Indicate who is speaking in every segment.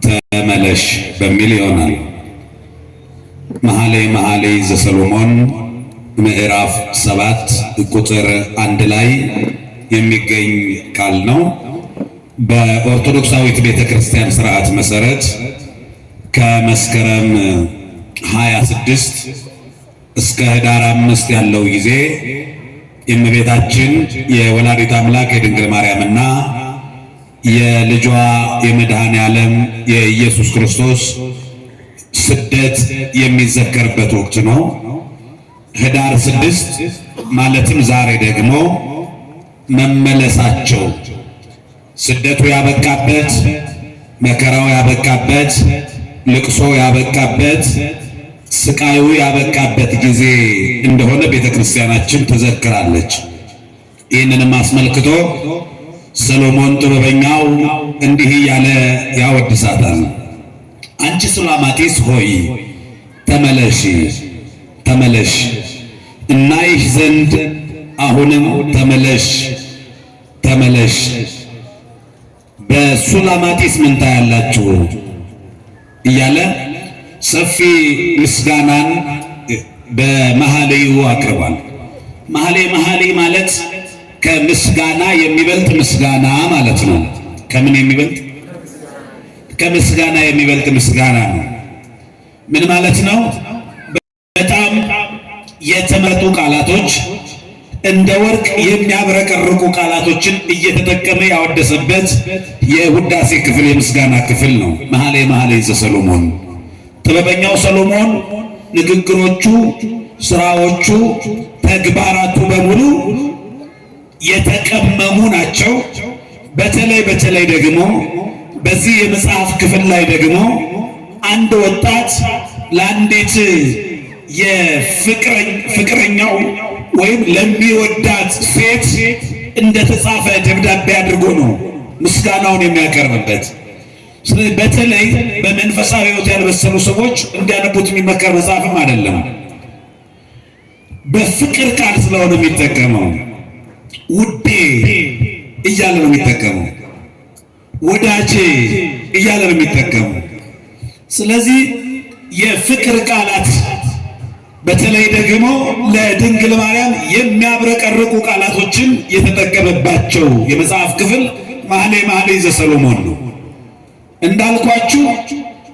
Speaker 1: ተመለሽ በሚል ይሆናል። መኃልየ መኃልይ ዘሰሎሞን ምዕራፍ ሰባት ቁጥር አንድ ላይ የሚገኝ ቃል ነው። በኦርቶዶክሳዊት ቤተ ክርስቲያን ስርዓት መሰረት ከመስከረም 26 እስከ ህዳር አምስት ያለው ጊዜ የእመቤታችን የወላዲት አምላክ የድንግል ማርያምና የልጇ የመድኃኔ ዓለም የኢየሱስ ክርስቶስ ስደት የሚዘከርበት ወቅት ነው። ህዳር ስድስት ማለትም ዛሬ ደግሞ መመለሳቸው ስደቱ ያበቃበት፣ መከራው ያበቃበት፣ ልቅሶ ያበቃበት፣ ስቃዩ ያበቃበት ጊዜ እንደሆነ ቤተ ክርስቲያናችን ትዘክራለች። ይህንንም አስመልክቶ ሰሎሞን ጥበበኛው እንዲህ እያለ ያወድሳታል። አንቺ ሱላማጢስ ሆይ ተመለሽ ተመለሽ፣ እናይሽ ዘንድ አሁንም ተመለሽ ተመለሽ። በሱላማጢስ ምን ታያላችሁ እያለ ሰፊ ምስጋናን በመኃልዩ አቅርቧል። መሐሌ መሐሌ ማለት ከምስጋና የሚበልጥ ምስጋና ማለት ነው። ከምን የሚበልጥ ከምስጋና የሚበልጥ ምስጋና ነው። ምን ማለት ነው? በጣም የተመረጡ ቃላቶች እንደ ወርቅ የሚያብረቀርቁ ቃላቶችን እየተጠቀመ ያወደሰበት የውዳሴ ክፍል የምስጋና ክፍል ነው። መኃልየ መኃልይ ዘሰሎሞን ጥበበኛው ሰሎሞን ንግግሮቹ፣ ስራዎቹ፣ ተግባራቱ በሙሉ የተቀመሙ ናቸው። በተለይ በተለይ ደግሞ በዚህ የመጽሐፍ ክፍል ላይ ደግሞ አንድ ወጣት ለአንዲት የፍቅረኛው ወይም ለሚወዳት ሴት እንደተጻፈ ደብዳቤ አድርጎ ነው ምስጋናውን የሚያቀርብበት። ስለዚህ በተለይ በመንፈሳዊ ሕይወት ያልበሰሉ ሰዎች እንዲያነቡት የሚመከር መጽሐፍም አይደለም። በፍቅር ቃል ስለሆነ የሚጠቀመው ውዴ እያለ ነው የሚጠቀመው፣ ወዳጄ እያለ ነው የሚጠቀመው። ስለዚህ የፍቅር ቃላት በተለይ ደግሞ ለድንግል ማርያም የሚያብረቀርቁ ቃላቶችን የተጠቀመባቸው የመጽሐፍ ክፍል ማህሌ ማህሌ ዘሰሎሞን ነው። እንዳልኳችሁ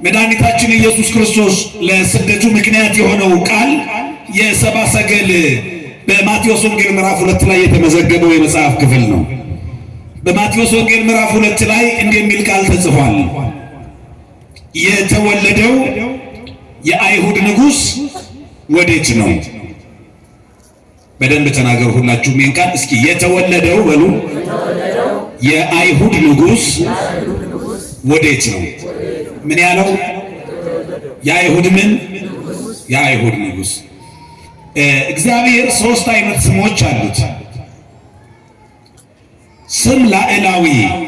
Speaker 1: መድኃኒታችን ኢየሱስ ክርስቶስ ለስደቱ ምክንያት የሆነው ቃል የሰባሰገል ሰገል በማቴዎስ ወንጌል ምዕራፍ ሁለት ላይ የተመዘገበው የመጽሐፍ ክፍል ነው። በማቴዎስ ወንጌል ምዕራፍ ሁለት ላይ እንዲህ የሚል ቃል ተጽፏል። የተወለደው የአይሁድ ንጉሥ ወዴት ነው? በደንብ ተናገሩ ሁላችሁ ይህን ቃል እስኪ። የተወለደው በሉ የአይሁድ ንጉሥ ወዴት ነው? ምን ያለው? የአይሁድ ምን? የአይሁድ ንጉሥ እግዚአብሔር ሶስት አይነት ስሞች አሉት። ስም ላዕላዊ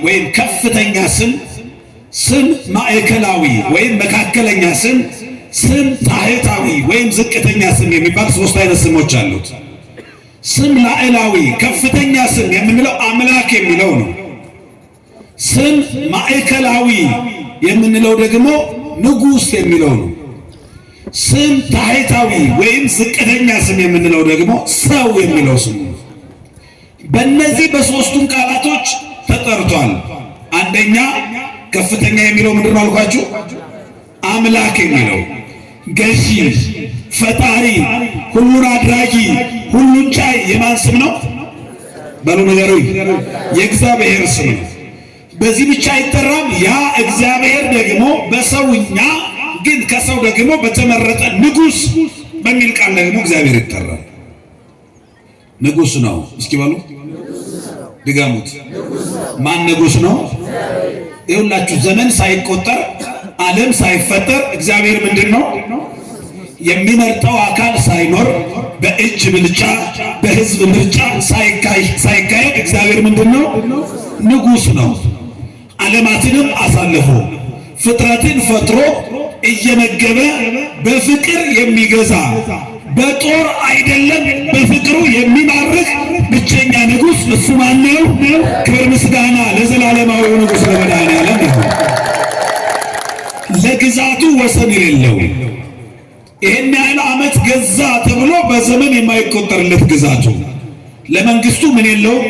Speaker 1: ወይም ከፍተኛ ስም፣ ስም ማዕከላዊ ወይም መካከለኛ ስም፣ ስም ታህታዊ ወይም ዝቅተኛ ስም የሚባል ሶስት አይነት ስሞች አሉት። ስም ላዕላዊ ከፍተኛ ስም የምንለው አምላክ የሚለው ነው። ስም ማዕከላዊ የምንለው ደግሞ ንጉሥ የሚለው ነው። ስም ታሕታዊ ወይም ዝቅተኛ ስም የምንለው ደግሞ ሰው የሚለው ስሙ በእነዚህ በሶስቱም ቃላቶች ተጠርቷል። አንደኛ ከፍተኛ የሚለው ምንድን ነው አልኳችሁ? አምላክ የሚለው ገዢ፣ ፈጣሪ፣ ሁሉን አድራጊ፣ ሁሉን ቻይ የማን ስም ነው? በሉ ነገሩ የእግዚአብሔር ስም ነው። በዚህ ብቻ አይጠራም። ያ እግዚአብሔር ደግሞ በሰውኛ ግን ከሰው ደግሞ በተመረጠ ንጉስ በሚል ቃል ደግሞ እግዚአብሔር ይጠራል። ንጉሥ ነው። እስኪ በሉ ድገሙት። ማን ንጉሥ ነው? ይሁላችሁ ዘመን ሳይቆጠር ዓለም ሳይፈጠር እግዚአብሔር ምንድን ነው የሚመርጠው አካል ሳይኖር በእጅ ብልጫ በህዝብ ምርጫ ሳይካሄድ እግዚአብሔር ምንድን ነው? ንጉሥ ነው። ዓለማትንም አሳልፎ ፍጥረትን ፈጥሮ እየመገበ በፍቅር የሚገዛ በጦር አይደለም በፍቅሩ የሚማርክ ብቸኛ ንጉሥ እሱ ማነው? ክብር ምስጋና ለዘላለማዊ ንጉሥ ለመድኃኒዓለም ይሁን። ለግዛቱ ወሰን የሌለው ይህን ያህል ዓመት ገዛ ተብሎ በዘመን የማይቆጠርለት ግዛቱ ለመንግስቱ ምን የለውም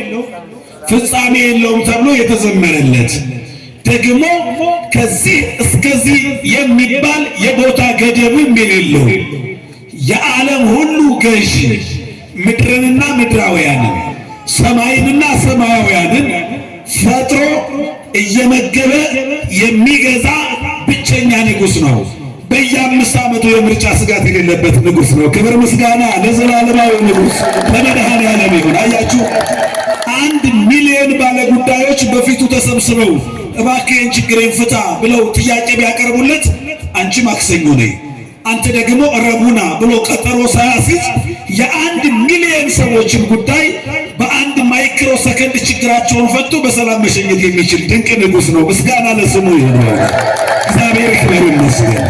Speaker 1: ፍጻሜ የለውም ተብሎ የተዘመረለት ደግሞ ከዚህ እስከዚህ የሚባል የቦታ ገደብም የሌለው የዓለም ሁሉ ገዥ ምድርንና ምድራውያንን ሰማይንና ሰማያውያንን ፈጥሮ እየመገበ የሚገዛ ብቸኛ ንጉሥ ነው። በየአምስት ዓመቱ የምርጫ ስጋት የሌለበት ንጉሥ ነው። ክብር ምስጋና ለዘላለማዊ ንጉሥ ለመድኃኔዓለም ይሁን። አያችሁ አንድ ሚሊዮን ባለጉዳዮች በፊቱ ተሰብስበው እባክህን ችግሬን ፍታ ብለው ጥያቄ ቢያቀርቡለት አንቺ ማክሰኞ ነይ አንተ ደግሞ ረቡና ብሎ ቀጠሮ ሳያስይዝ የአንድ ሚሊዮን ሰዎችን ጉዳይ በአንድ ማይክሮ ሰከንድ ችግራቸውን ፈቶ በሰላም መሸኘት የሚችል ድንቅ ንጉሥ ነው። ምስጋና ለስሙ ይሁን። እግዚአብሔር ክብር ይመስገን።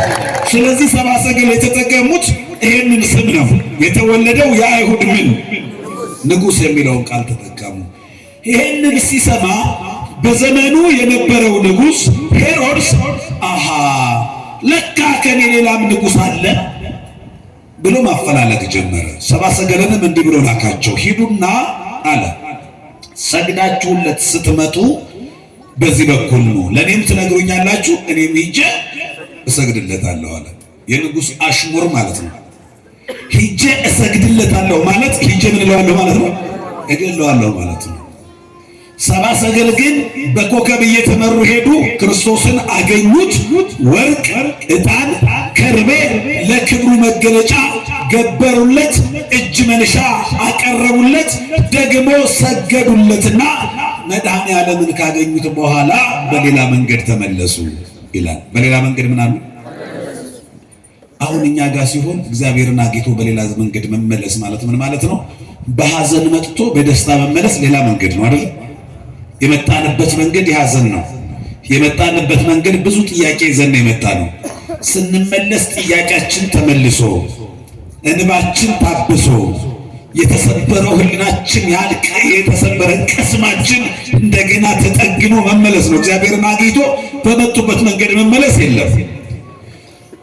Speaker 1: ስለዚህ ሰብአ ሰገል የተጠቀሙት ይህንን ስም ነው። የተወለደው የአይሁድ ምን ንጉሥ የሚለውን ቃል ተጠቀሙ። ይህንን ሲሰማ በዘመኑ የነበረው ንጉሥ ሄሮድስ አሃ ለካ ከኔ ሌላም ንጉሥ አለ ብሎ ማፈላለግ ጀመረ። ሰባ ሰገለንም እንዲህ ብሎ ላካቸው፣ ሂዱና አለ ሰግዳችሁለት ስትመጡ በዚህ በኩል ነው፣ ለእኔም ትነግሩኛላችሁ፣ እኔም ሂጄ እሰግድለታለሁ አለ። የንጉሥ አሽሙር ማለት ነው። ሂጄ እሰግድለታለሁ ማለት ሂጄ ምን እለዋለሁ ማለት ነው፣ እገለዋለሁ ማለት ነው። ሰባ ሰገል ግን በኮከብ እየተመሩ ሄዱ፣ ክርስቶስን አገኙት። ወርቅ፣ ዕጣን፣ ከርቤ ለክብሩ መገለጫ ገበሩለት፣ እጅ መንሻ አቀረቡለት፣ ደግሞ ሰገዱለትና መድኃኔ ዓለምን ካገኙት በኋላ በሌላ መንገድ ተመለሱ ይላል። በሌላ መንገድ ምናሉ? አሁን እኛ ጋር ሲሆን እግዚአብሔርን አግኝቶ በሌላ መንገድ መመለስ ማለት ምን ማለት ነው? በሐዘን መጥቶ በደስታ መመለስ ሌላ መንገድ ነው አይደል? የመጣንበት መንገድ የሐዘን ነው። የመጣንበት መንገድ ብዙ ጥያቄ ይዘን የመጣ ነው። ስንመለስ ጥያቄያችን ተመልሶ እንባችን ታብሶ የተሰበረው ህልናችን ያልቅ የተሰበረ ቅስማችን እንደገና ተጠግኖ መመለስ ነው። እግዚአብሔርን አግኝቶ በመጡበት መንገድ መመለስ የለም።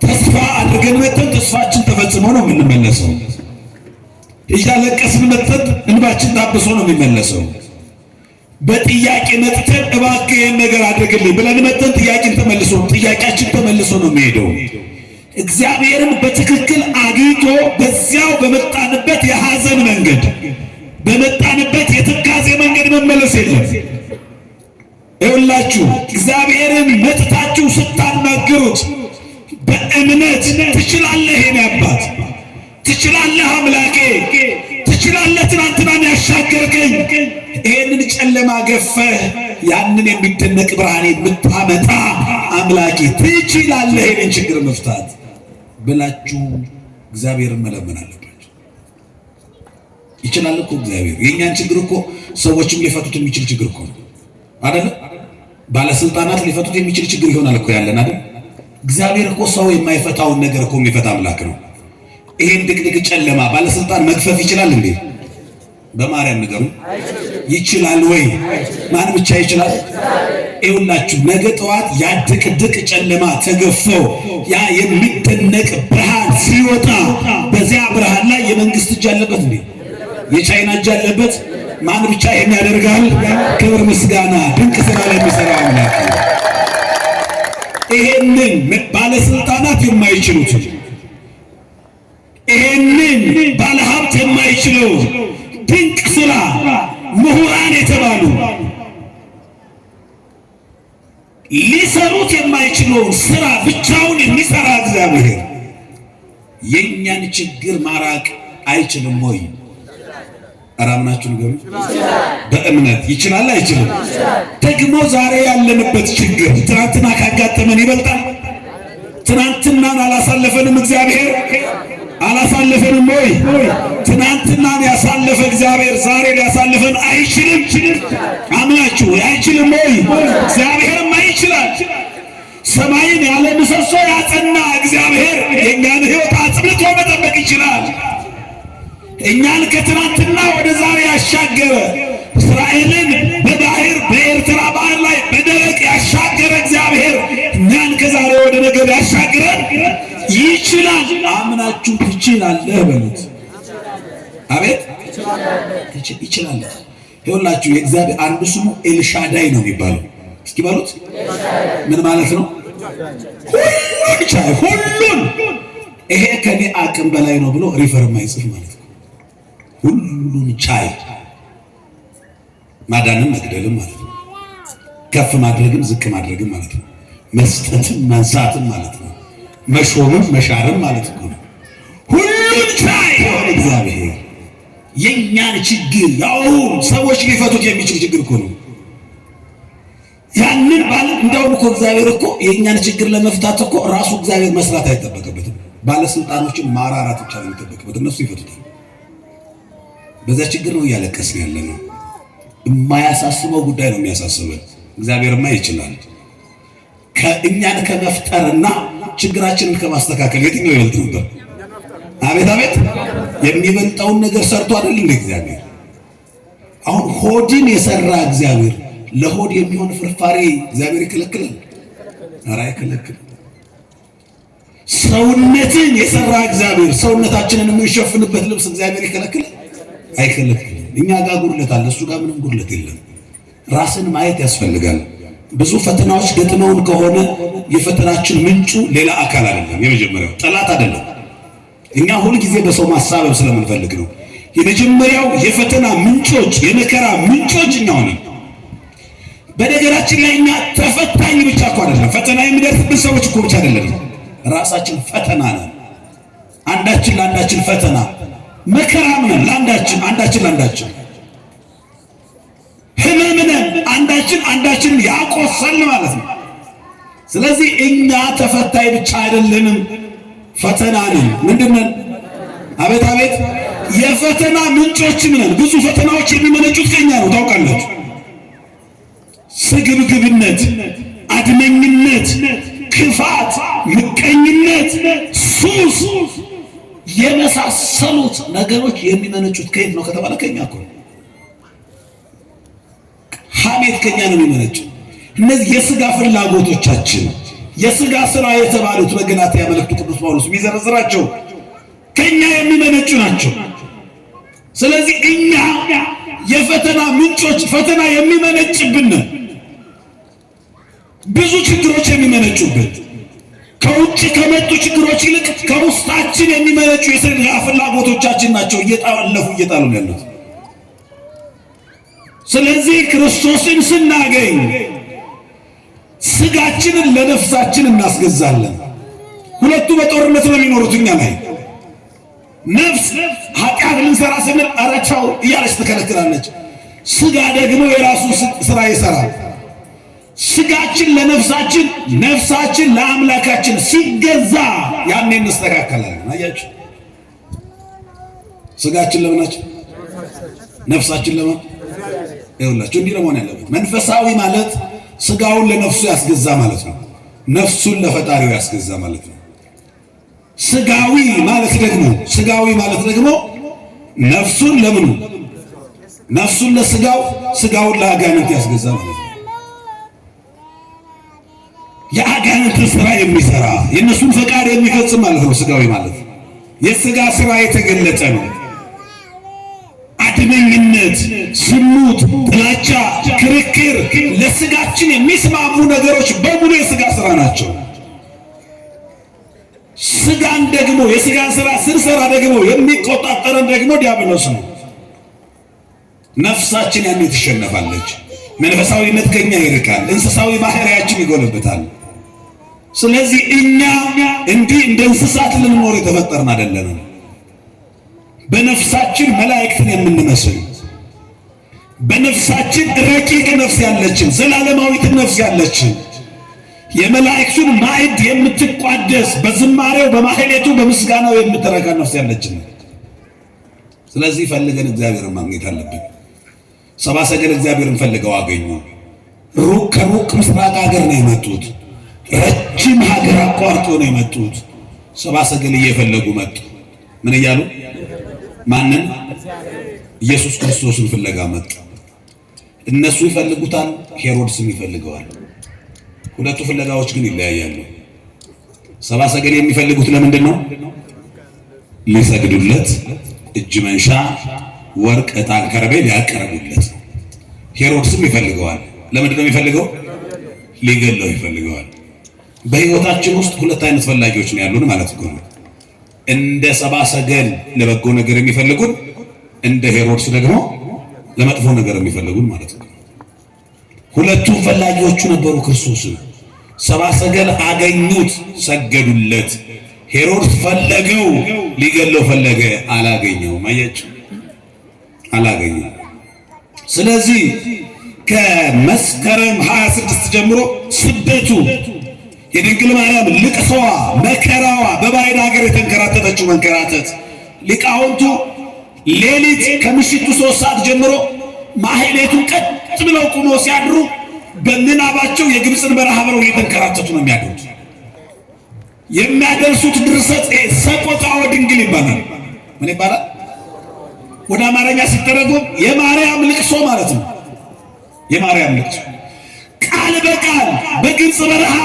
Speaker 1: ተስፋ አድርገን መተን ተስፋችን ተፈጽሞ ነው የምንመለሰው። እያለቀስን መተን እንባችን ታብሶ ነው የሚመለሰው። በጥያቄ መጥተን እባክህ ይህን ነገር አድርግልኝ ብለን መጥተን ጥያቄን ተመልሶ ጥያቄያችን ተመልሶ ነው የሚሄደው። እግዚአብሔርን በትክክል አግኝቶ በዚያው በመጣንበት የሐዘን መንገድ በመጣንበት የትካዜ መንገድ መመለስ የለም። ይሁላችሁ እግዚአብሔርን መጥታችሁ ስታናግሩት በእምነት ትችላለህ፣ የኔ አባት ትችላለህ አምላኬ ትችላለህ። ትናንትናን ያሻገርከኝ ይህንን ጨለማ ገፈ ያንን የሚደነቅ ብርሃን የምታመጣ አምላኬ ትችላለህ ይህንን ችግር መፍታት ብላችሁ እግዚአብሔርን መለመን አለባቸው። ይችላል እኮ እግዚአብሔር። የእኛን ችግር እኮ ሰዎችም ሊፈቱት የሚችል ችግር እኮ ነው አደለ? ባለስልጣናት ሊፈቱት የሚችል ችግር ይሆናል እኮ ያለን አይደል? እግዚአብሔር እኮ ሰው የማይፈታውን ነገር እኮ የሚፈታ አምላክ ነው። ይሄን ድቅድቅ ጨለማ ባለስልጣን መግፈፍ ይችላል እንዴ? በማርያም ንገሩ። ይችላል ወይ? ማን ብቻ ይችላል? ይሁላችሁ ነገ ጠዋት ያ ድቅድቅ ጨለማ ተገፎ ያ የሚደነቅ ብርሃን ሲወጣ በዚያ ብርሃን ላይ የመንግስት እጅ አለበት እንዴ? የቻይና እጅ አለበት? ማን ብቻ ይሄን ያደርጋል? ክብር ምስጋና፣ ድንቅ ስራ ለሚሰራ አምላክ። ይሄንን ባለስልጣናት የማይችሉት የሚችሉ ድንቅ ስራ ምሁራን የተባሉ ሊሰሩት የማይችለውን ስራ ብቻውን የሚሰራ እግዚአብሔር የእኛን ችግር ማራቅ አይችልም ወይ? አራምናችሁ ነገሩ በእምነት ይችላል አይችልም? ደግሞ ዛሬ ያለንበት ችግር ትናንትና ካጋጠመን ይበልጣል። ትናንትናን አላሳለፈንም እግዚአብሔር አላሳለፈንም ወይ? ትናንትናን ያሳለፈ እግዚአብሔር ዛሬ ሊያሳልፈን አይችልም። አምናችሁ አይችልም ወይ? እግዚአብሔርም አይችላል። ሰማይን ያለ ምሰሶ ያጸና እግዚአብሔር የእኛን ሕይወት አጽንቶ መጠበቅ ይችላል። እኛን ከትናንትና ወደ ዛሬ ያሻገረ እስራኤልን በባህር በኤርትራ ባህር ላይ በደረቅ ያሻገረ እግዚአብሔር እኛን ከዛሬ ወደ ነገር ያሻግረን። ይችላል። አምናችሁ ትችላለህ በሉት። አቤት ይችላል። ይኸውላችሁ የእግዚአብሔር አንዱ ስሙ ኤልሻዳይ ነው የሚባለው። እስኪ በሉት ምን ማለት ነው? ሁሉን ሁሉን ይሄ ከኔ አቅም በላይ ነው ብሎ ሪፈር የማይጽፍ ማለት ነው። ሁሉን ቻይ ማዳንም መግደልም ማለት ነው። ከፍ ማድረግም ዝቅ ማድረግም ማለት ነው። መስጠትም መንሳትም ማለት ነው። መሾምም መሻርም ማለት ነው። ሁሉን ቻይ የሆነ እግዚአብሔር የእኛን ችግር አሁን ሰዎች ሊፈቱት የሚችል ችግር እኮ ነው። ያንን ባለ እንደውም እኮ እግዚአብሔር እኮ የእኛን ችግር ለመፍታት እኮ ራሱ እግዚአብሔር መስራት አይጠበቅበትም። ባለስልጣኖችን ማራራት ብቻ ነው የሚጠበቅበት፣ እነሱ ይፈቱታል። በዛ ችግር ነው እያለቀስን ያለ ነው። የማያሳስበው ጉዳይ ነው የሚያሳስበን። እግዚአብሔርማ ይችላል ከእኛን ከመፍጠርና ችግራችንን ከማስተካከል የትኛው ይበልጥ ነበር? አቤት አቤት! የሚበልጠውን ነገር ሰርቶ አይደል እንደ እግዚአብሔር። አሁን ሆድን የሰራ እግዚአብሔር ለሆድ የሚሆን ፍርፋሬ እግዚአብሔር ይከለክላል? ኧረ አይከለክልም። ሰውነትን የሰራ እግዚአብሔር ሰውነታችንን የምንሸፍንበት ልብስ እግዚአብሔር ይከለክላል? አይከለክልም። እኛ ጋር ጉድለት አለ፣ እሱ ጋር ምንም ጉድለት የለም። ራስን ማየት ያስፈልጋል። ብዙ ፈተናዎች ገጥመውን ከሆነ የፈተናችን ምንጩ ሌላ አካል አይደለም። የመጀመሪያው ጠላት አይደለም። እኛ ሁልጊዜ በሰው ማሳበብ ስለምንፈልግ ነው። የመጀመሪያው የፈተና ምንጮች፣ የመከራ ምንጮች እኛ ሆነ። በነገራችን ላይ እኛ ተፈታኝ ብቻ እኮ አይደለም፣ ፈተና የሚደርስብን ሰዎች እኮ ብቻ አይደለም። ራሳችን ፈተና ነን። አንዳችን ለአንዳችን ፈተና መከራም ነን። ለአንዳችን አንዳችን ለአንዳችን ህመምነ አንዳችን አንዳችንን ያቆሰል ማለት ነው። ስለዚህ እኛ ተፈታይ ብቻ አይደለንም፣ ፈተና ነን። ምንድን ነን? አቤት አቤት! የፈተና ምንጮችም ነን። ብዙ ፈተናዎች የሚመነጩት ከኛ ነው። ታውቃላችሁ፣ ስግብግብነት፣ አድመኝነት፣ ክፋት፣ ምቀኝነት፣ ሱስ የመሳሰሉት ነገሮች የሚመነጩት ከየት ነው ከተባለ ከኛ እኮ ነው። ሐሜት ከኛ ነው የሚመነጨው። እነዚህ የስጋ ፍላጎቶቻችን የስጋ ስራ የተባሉት በገላትያ መልእክቱ ቅዱስ ጳውሎስ የሚዘረዝራቸው ከኛ የሚመነጩ ናቸው። ስለዚህ እኛ የፈተና ምንጮች፣ ፈተና የሚመነጭብን ብዙ ችግሮች የሚመነጩበት ከውጭ ከመጡ ችግሮች ይልቅ ከውስጣችን የሚመነጩ የስጋ ፍላጎቶቻችን ናቸው እየጣለፉ እየጣሉ ያሉት ስለዚህ ክርስቶስን ስናገኝ ስጋችንን ለነፍሳችን እናስገዛለን። ሁለቱ በጦርነት ነው የሚኖሩት እኛ ላይ ነፍስ ኃጢአት ልንሰራ ስንል አረቻው እያለች ትከለክላለች። ስጋ ደግሞ የራሱ ስራ ይሰራል። ስጋችን ለነፍሳችን፣ ነፍሳችን ለአምላካችን ሲገዛ ያኔ እንስተካከላለን። አያችሁ፣ ስጋችን ለምናችን፣ ነፍሳችን ለማ ይኸውላችሁ እንዲህ መሆን ያለበት መንፈሳዊ ማለት ስጋውን ለነፍሱ ያስገዛ ማለት ነው። ነፍሱን ለፈጣሪው ያስገዛ ማለት ነው። ስጋዊ ማለት ደግሞ ስጋዊ ማለት ደግሞ ነፍሱን ለምኑ ነፍሱን ለስጋው ስጋውን ለአጋንንት ያስገዛ ማለት ነው። የአጋንንትን ስራ የሚሰራ የእነሱን ፈቃድ የሚፈጽም ማለት ነው። ስጋዊ ማለት የስጋ ስራ የተገለጠ ነው። አድመኝነት፣ ዝሙት፣ ጥላቻ፣ ክርክር፣ ለስጋችን የሚስማሙ ነገሮች በሙሉ የስጋ ስራ ናቸው። ስጋን ደግሞ የስጋን ስራ ስንሰራ ደግሞ የሚቆጣጠረን ደግሞ ዲያብሎስ ነው። ነፍሳችን ያኔ ትሸነፋለች። መንፈሳዊነት ከኛ ይርቃል። እንስሳዊ ባህሪያችን ይጎልብታል። ስለዚህ እኛ እንዲህ እንደ እንስሳት ልንኖር የተፈጠርን አይደለንም። በነፍሳችን መላእክትን የምንመስል በነፍሳችን ረቂቅ ነፍስ ያለችን ዘላለማዊት ነፍስ ያለችን የመላእክቱን ማዕድ የምትቋደስ በዝማሬው በማህሌቱ በምስጋናው የምትረካ ነፍስ ያለችን። ስለዚህ ፈልገን እግዚአብሔርን ማግኘት አለብን። ሰባ ሰገል እግዚአብሔርን ፈልገው አገኙ። ሩቅ ከሩቅ ምስራቅ ሀገር ነው የመጡት። ረጅም ሀገር አቋርጦ ነው የመጡት። ሰባ ሰገል እየፈለጉ መጡ። ምን እያሉ ማንን? ኢየሱስ ክርስቶስን ፍለጋ መጡ። እነሱ ይፈልጉታል፣ ሄሮድስም ይፈልገዋል። ሁለቱ ፍለጋዎች ግን ይለያያሉ። ሰባ ሰገል የሚፈልጉት ለምንድን ነው? ሊሰግዱለት፣ እጅ መንሻ ወርቅ፣ ዕጣን፣ ከርቤ ሊያቀርቡለት። ሄሮድስም ይፈልገዋል። ለምንድን ነው የሚፈልገው? ሊገለው ይፈልገዋል። በህይወታችን ውስጥ ሁለት አይነት ፈላጊዎች ነው ያሉን ማለት ነው። እንደ ሰባ ሰገል ለበጎ ነገር የሚፈልጉን እንደ ሄሮድስ ደግሞ ለመጥፎ ነገር የሚፈልጉን ማለት ነው። ሁለቱም ፈላጊዎቹ ነበሩ ክርስቶስ ሰባ ሰገል አገኙት፣ ሰገዱለት። ሄሮድስ ፈለገው፣ ሊገለው ፈለገ፣ አላገኘውም። አያችሁ፣ አላገኘውም። ስለዚህ ከመስከረም 26 ጀምሮ ስደቱ የድንግል ማርያም ልቅሶዋ፣ መከራዋ፣ በባዕድ ሀገር የተንከራተተችው መንከራተት ሊቃውንቱ ሌሊት ከምሽቱ ሶስት ሰዓት ጀምሮ ማህሌቱን ቀጥ ብለው ቁሞ ሲያድሩ በምናባቸው የግብፅን በረሃ ብለው የተንከራተቱ ነው የሚያደርጉት። የሚያደርሱት ድርሰት ሰቆቃወ ድንግል ይባላል። ምን ይባላል? ወደ አማርኛ ሲተረጎም የማርያም ልቅሶ ማለት ነው። የማርያም ልቅሶ ቃል በቃል በግብፅ በረሃ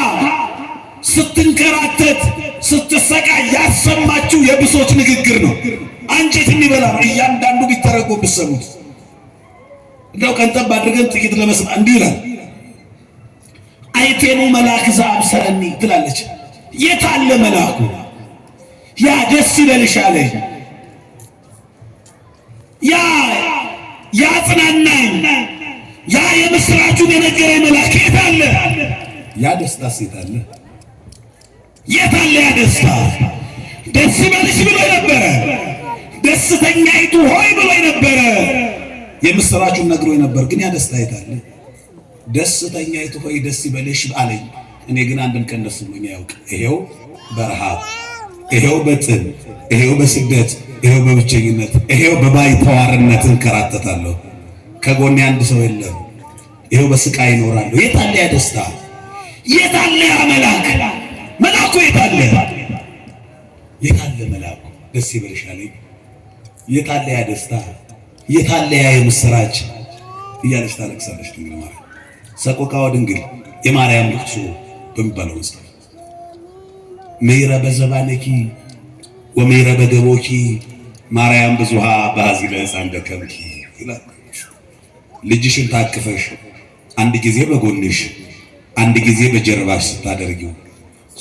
Speaker 1: ስትንከራተት ስትሰቃይ ያሰማችሁ የብሶች ንግግር ነው። አንጀት የሚበላ ነው። እያንዳንዱ ቢተረጎ ብሰሙት እንደው ቀንጠብ አድርገን ጥቂት ለመስማ እንዲህ ይላል። አይቴኑ መልአክ ዘአብሰረኒ ትላለች። የት አለ መልአኩ? ያ ደስ ይበልሻል፣ ያ ያጽናናኝ፣ ያ የምስራቹን የነገረ መልአክ የት አለ? ያ ደስታ ሴት አለ የታለ ያ ደስታ? ደስ ይበልሽ ብሎ ነበረ። ደስተኛይቱ ሆይ ብሎ ነበረ። የምሥራቹን ነግሮ ነበር። ግን ያ ደስታ የታለ? ደስተኛይቱ ሆይ ደስ ይበልሽ አለኝ። እኔ ግን አንድም ቀን ደስ ብሎኝ አያውቅም። ይሄው በረሃብ፣ ይሄው በጥም፣ ይሄው በስደት፣ ይሄው በብቸኝነት፣ ይሄው በባይተዋርነት እንከራተታለሁ። ከጎን አንድ ሰው የለም። ይሄው በስቃይ ይኖራለሁ። የታለ ያ ደስታ? የታለ ያ መላክ መልአኩ የታለ? የታለ መልአኩ? ደስ ይበልሻል። የታለ ያ ደስታ? የታለ ያ የምስራች እያለች ታለቅሳለች ድንግል ማርያም። ሰቆቃወ ድንግል የማርያም ልቅሶ በሚባለው መጽሐፍ ምሕረ በዘባነኪ ወምሕረ በገቦኪ ማርያም ብዙሃ በአዚለ ሕፃን ደከምኪ ይላል። ልጅሽን ታቅፈሽ አንድ ጊዜ በጎንሽ አንድ ጊዜ በጀርባሽ ስታደርጊው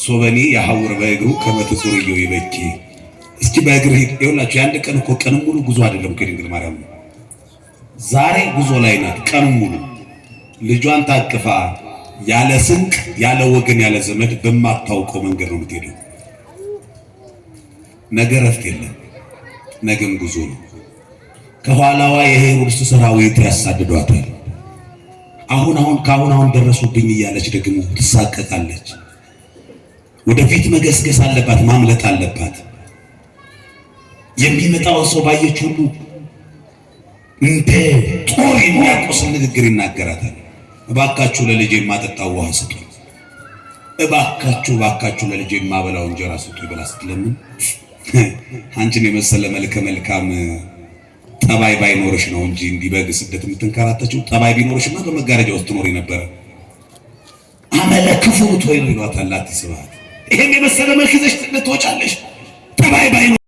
Speaker 1: ሶበኔ የሐውር በእግሩ ከመትጹር እየው ይበኪ እስኪ በእግር ሂድ። ይኸውላችሁ የአንድ ቀን እኮ ቀን ሙሉ ጉዞ አይደለም ከድንግል ማርያም ነው። ዛሬ ጉዞ ላይ ናት። ቀን ሙሉ ልጇን ታቅፋ ያለ ስንቅ፣ ያለ ወገን፣ ያለ ዘመድ በማታውቀው መንገድ ነው የምትሄደው። ነገ ረፍት የለም። ነገም ጉዞ ነው። ከኋላዋ የሄሮድስ ሰራዊት ያሳድዷታል። አሁን አሁን ከአሁን አሁን ደረሱብኝ እያለች ደግሞ ትሳቀቃለች። ወደፊት መገስገስ አለባት፣ ማምለት አለባት። የሚመጣው ሰው ባየች ሁሉ እንደ ጦር የሚያቆስል ንግግር ይናገራታል። እባካችሁ ለልጅ የማጠጣው ውሃ ስጡ፣ እባካችሁ እባካችሁ ለልጅ የማበላው እንጀራ ስጡ ብላ ስትለምን አንቺን የመሰለ መልከ መልካም ጠባይ ባይኖርሽ ነው እንጂ እንዲህ በግ ስደት የምትንከራተችው። ጠባይ ቢኖርሽማ በመጋረጃ ውስጥ ትኖሪ ነበረ። አመለ ወይ ነው ይሏታል። ይሄን የመሰለ መልክ ይዘሽ ትወጫለሽ። ተባይ ባይ